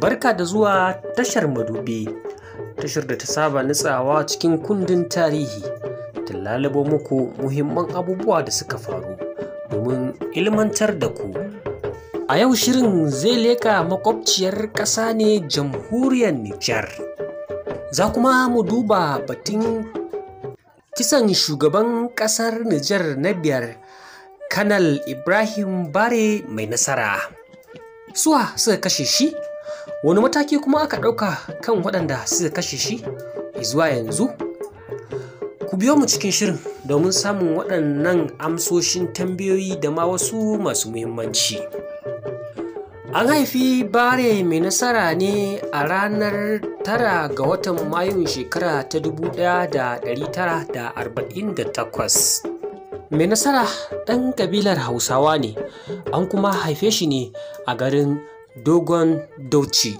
barka da zuwa tashar madubi tashar da ta saba nutsawa cikin kundin tarihi ta lalabo muku muhimman abubuwa da suka faru domin ilmantar da ku A yau shirin zai leka makwabciyar ƙasa ne jamhuriyar Nijar. Za kuma mu duba batun kisan shugaban ƙasar Nijar na biyar, Kanal Ibrahim Bare mai nasara. Suwa suka kashe shi? Wani mataki kuma aka ɗauka kan waɗanda suka kashe shi? Zuwa yanzu? Ku biyo mu cikin shirin domin samun waɗannan amsoshin tambayoyi da ma wasu masu muhimmanci. An haifi bare mai nasara ne a ranar tara ga watan Mayun shekara ta 1948. Mai nasara ɗan ƙabilar Hausawa ne, an kuma haife shi ne a garin Dogon Dauci.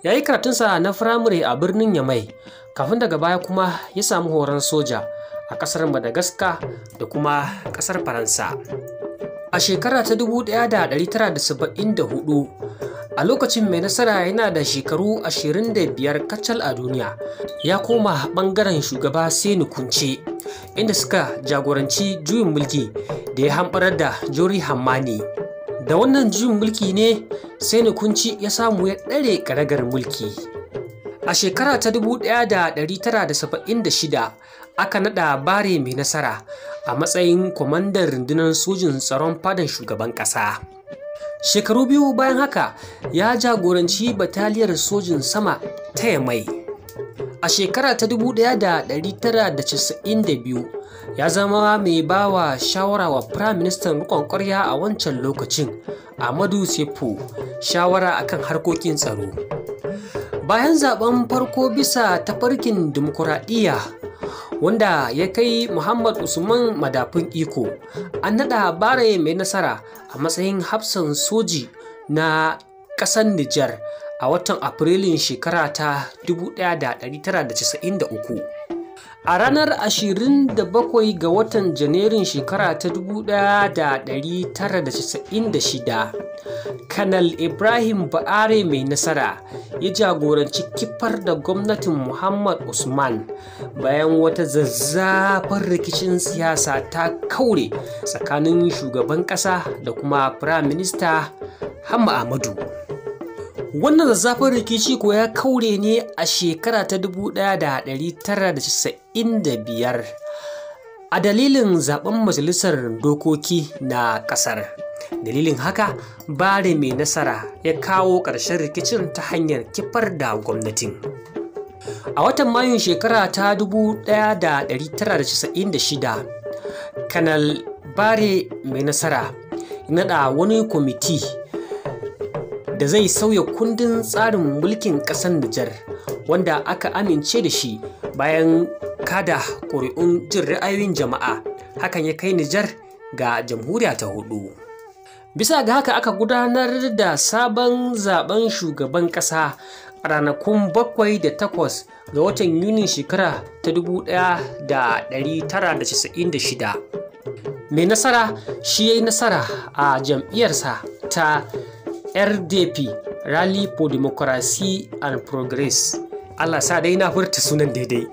Ya yi karatunsa na firamare a birnin Yamai, kafin daga baya kuma ya samu horon soja a ƙasar Madagascar da kuma ƙasar Faransa. A shekara ta 1974, a lokacin mai nasara yana da shekaru 25 kacal a duniya, ya koma ɓangaren shugaba Seni Kunce, inda suka jagoranci juyin mulki da ya hamɓarar da Jori Hammani. Da wannan juyin mulki ne Seni Kunci ya samu ya ɗare ƙaragar mulki. A shekara ta 1976 aka nada bare mai nasara a matsayin kwamandan rundunar sojin tsaron fadan shugaban Kasa. Shekaru biyu bayan haka ya jagoranci bataliyar sojin sama ta Yamai. A shekara ta 1992 ya zama mai bawa shawara wa Firayim Ministan rikon ƙwarya a wancan lokacin, Amadu Sefo, shawara akan harkokin tsaro. Bayan zaben farko bisa ta tafarkin dimokuraɗiyya wanda ya kai Muhammad Usman madafin iko. An naɗa bare mai nasara a matsayin hafsan soji na ƙasar Nijar a watan Afrilun shekara ta 1993. A ranar 27 ga watan Janairun shekara ta 1996, Kanal Ibrahim Ba'are mai nasara ya jagoranci kifar da gwamnatin Muhammad Usman bayan wata zazzafar rikicin siyasa ta kaure tsakanin shugaban ƙasa da kuma Firaminista Hamma Ahmadu. Wannan zafin rikici ko ya kaure ne a shekara ta biyar a dalilin zaben majalisar dokoki na ƙasar. Dalilin haka, bare mai nasara ya kawo ƙarshen rikicin ta hanyar kifar da gwamnatin. A watan Mayun shekara ta 1996, Kanal Bare mai nasara nada wani kwamiti da zai sauya kundin tsarin mulkin ƙasar Nijar wanda aka amince da shi bayan kada ƙuri'un jin ra'ayoyin jama'a hakan ya kai Nijar ga jamhuriya ta hudu. Bisa ga haka aka gudanar da sabon zaben shugaban ƙasa a ranakun bakwai da takwas ga watan Yuni shekara ta 1996. Mai nasara shi ya yi nasara a jam'iyyarsa ta RDP Rally for Democracy and Progress. Allah sa dai na furta sunan daidai.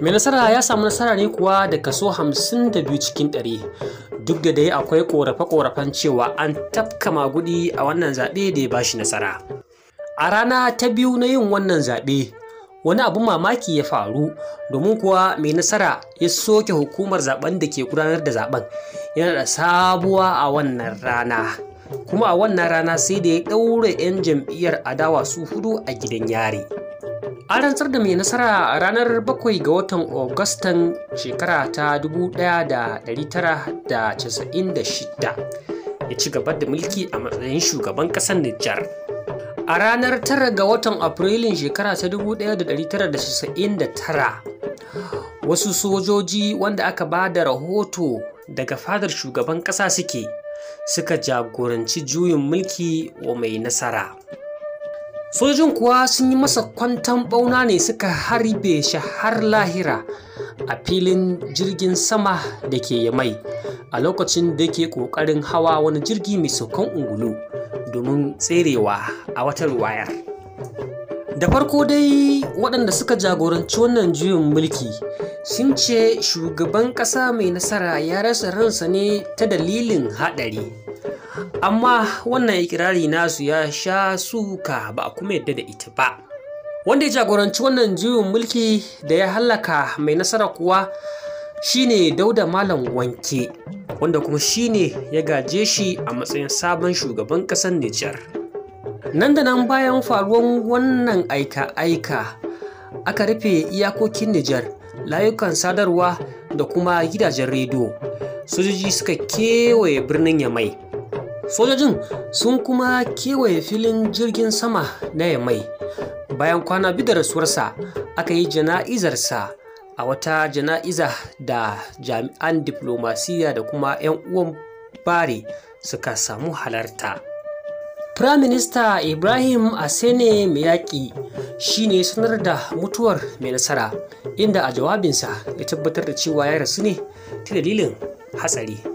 mai nasara ya samu nasara ne kuwa da kaso 52 cikin 100 duk da dai akwai korafe-korafen cewa an tafka magudi a wannan zaɓe da ya bashi nasara a rana ta biyu na yin wannan zaɓe wani abu mamaki ya faru domin kuwa mai nasara ya soke hukumar zaɓen da ke gudanar da zaben yana da sabuwa a wannan rana kuma a wannan rana sai da ya ɗaure 'yan jam'iyyar adawa su hudu a gidan yari. An rantsar da mai nasara a ranar bakwai ga watan Agustan shekara ta 1996 ya ci gaba da mulki a matsayin shugaban ƙasar Nijar. A ranar 9 ga watan Afrilun shekara ta 1999 wasu sojoji wanda aka ba da rahoto daga fadar shugaban ƙasa suke suka jagoranci juyin mulki wa mai nasara. sojin kuwa sun yi masa kwantan bauna ne suka harbe shi har lahira a filin jirgin sama da ke yamai a lokacin da ke ƙoƙarin hawa wani jirgi mai saukan ungulu domin tserewa a wata ruwayar da farko dai waɗanda suka jagoranci wannan juyin mulki sun ce shugaban ƙasa mai nasara ya rasa ransa ne ta dalilin haɗari amma wannan ikirari nasu ya sha suka ba a kuma yadda da ita ba wanda ya jagoranci wannan juyin mulki da ya hallaka mai nasara kuwa shine dauda malam wanke wanda kuma shine ya gaje shi a matsayin sabon shugaban ƙasar nijar nan da nan bayan faruwan wannan aika-aika aka rufe iyakokin nijar layukan sadarwa da kuma gidajen rediyo sojoji suka kewaye birnin yamai sojojin sun kuma kewaye filin jirgin sama na yamai bayan kwana biyu da rasuwarsa aka yi jana'izarsa a wata jana'iza da jami'an diplomasiya da kuma 'yan uwan bari suka samu halarta Prime Minister Ibrahim Asene Miyaki shi ne sanar da mutuwar mai nasara inda a jawabinsa ya tabbatar da cewa ya rasu ne ta dalilin hatsari.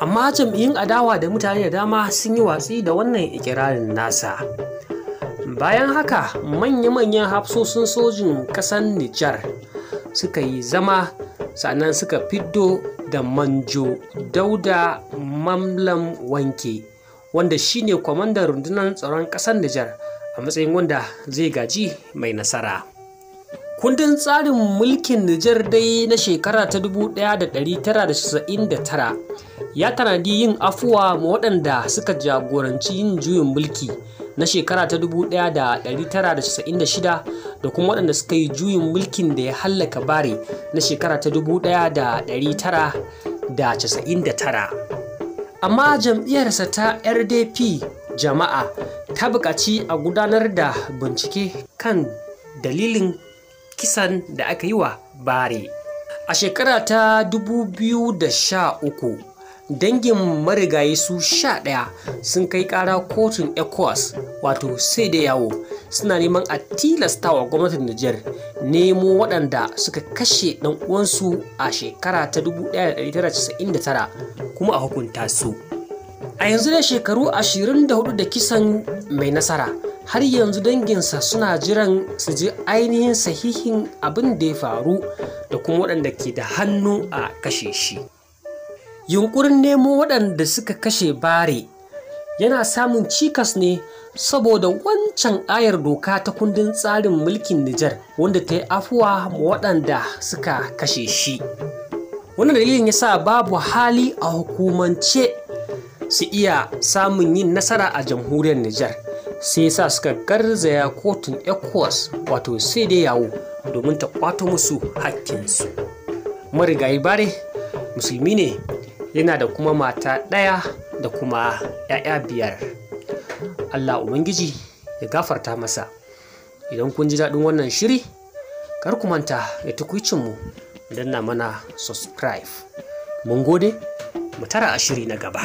amma jam'iyyun adawa da mutane da dama sun yi watsi da wannan ikirarin nasa bayan haka manya-manyan hafsosin sojin ƙasan nijar suka yi zama sannan suka fiddo da manjo dauda mamlam wanke wanda shine kwamandan rundunar tsaron ƙasar nijar a matsayin wanda zai gaji mai nasara Kundin tsarin mulkin Nijar dai na shekara ta 1999 ya tanadi yin afuwa ma waɗanda suka jagoranci yin juyin mulki na shekara ta 1996 da kuma waɗanda suka yi juyin mulkin da ya hallaka bare na shekara ta 1999. Amma jam'iyyarsa ta RDP jama'a ta buƙaci a gudanar da bincike kan dalilin kisan da aka yi wa bare a shekara ta 2013 dangin marigayi su sha ɗaya sun kai ƙara kotun ecowas wato sai da yawo suna neman a tilasta wa gwamnatin Nijar nemo waɗanda suka kashe ɗan uwansu a shekara ta 1999 kuma a hukunta su. a yanzu da shekaru 24 da kisan mai nasara har yanzu danginsa suna jiran su ji ainihin sahihin abin da ya faru da kuma waɗanda ke da hannu a kashe shi yunkurin nemo waɗanda suka kashe bare yana samun cikas ne saboda wancan ayar doka ta kundin tsarin mulkin Nijar wanda ta yi afuwa waɗanda suka kashe shi. Wannan dalilin ya sa babu hali a hukumance su iya samun yin nasara a jamhuriyar Nijar sai sa suka garzaya kotun ECOWAS wato sai dai yawo domin ta kwato musu hakkinsu. Marigayi bare musulmi ne yana da kuma mata ɗaya da kuma ‘ya'ya biyar. Allah Ubangiji ya gafarta masa. Idan kun ji daɗin wannan shiri, kar ku manta ya tukwicin mu danna mana subscribe. Mun gode? mu tara ashiri na gaba.